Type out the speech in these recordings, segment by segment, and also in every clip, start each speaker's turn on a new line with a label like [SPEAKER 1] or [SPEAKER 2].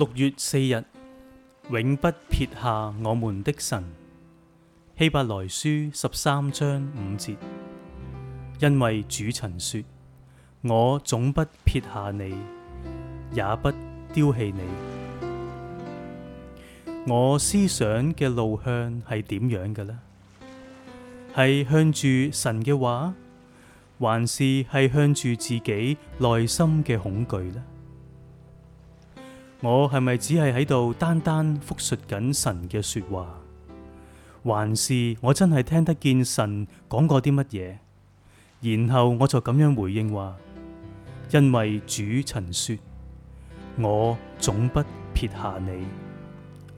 [SPEAKER 1] 六月四日，永不撇下我們的神。希伯來書十三章五節，因為主曾說：我總不撇下你，也不丟棄你。我思想嘅路向係點樣嘅呢？係向住神嘅話，還是係向住自己內心嘅恐懼呢？我係咪只係喺度單單複述緊神嘅說話，還是我真係聽得見神講過啲乜嘢？然後我就咁樣回應話：「因為主曾說，我總不撇下你，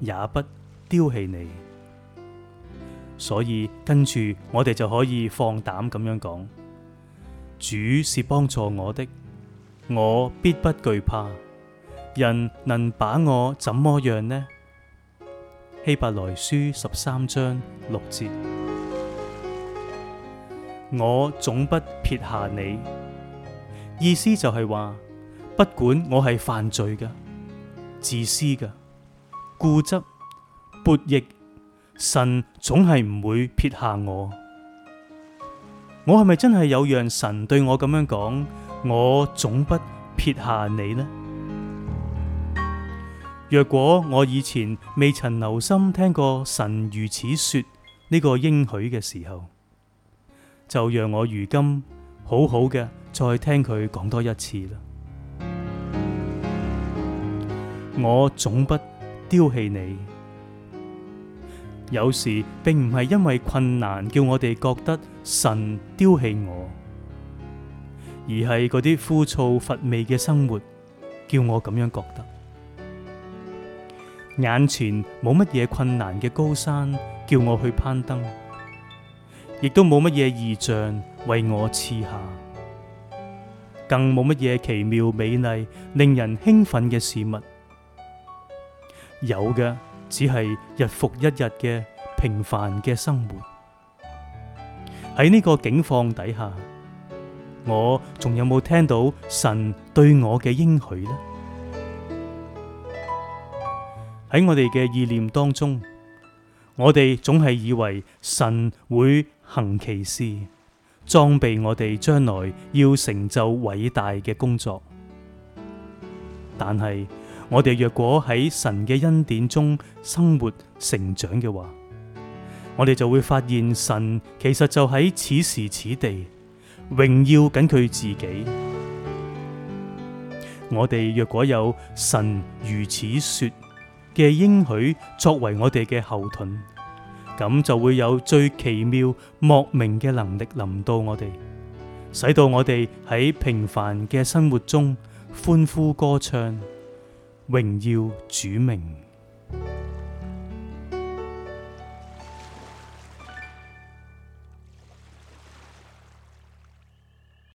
[SPEAKER 1] 也不丟棄你，所以跟住我哋就可以放膽咁樣講：「主是幫助我的，我必不懼怕。人能把我怎麼樣呢？希伯來書十三章六節，我總不撇下你。意思就係話，不管我係犯罪噶、自私噶、固執、悖逆，神總係唔會撇下我。我係咪真係有讓神對我咁樣講？我總不撇下你呢？若果我以前未曾留心聽過神如此說呢個應許嘅時候，就讓我如今好好嘅再聽佢講多一次啦。我總不丟棄你，有時並唔係因為困難叫我哋覺得神丟棄我，而係嗰啲枯燥乏味嘅生活叫我咁樣覺得。眼前冇乜嘢困難嘅高山叫我去攀登，亦都冇乜嘢異象為我賜下，更冇乜嘢奇妙美麗、令人興奮嘅事物。有嘅只係日復一日嘅平凡嘅生活。喺呢個境況底下，我仲有冇聽到神對我嘅應許呢？喺我哋嘅意念當中，我哋總係以為神會行其事，裝備我哋將來要成就偉大嘅工作。但係我哋若果喺神嘅恩典中生活成長嘅話，我哋就會發現神其實就喺此時此地榮耀緊佢自己。我哋若果有神如此說。嘅應許作為我哋嘅後盾，咁就會有最奇妙莫名嘅能力臨到我哋，使到我哋喺平凡嘅生活中歡呼歌唱，榮耀主名。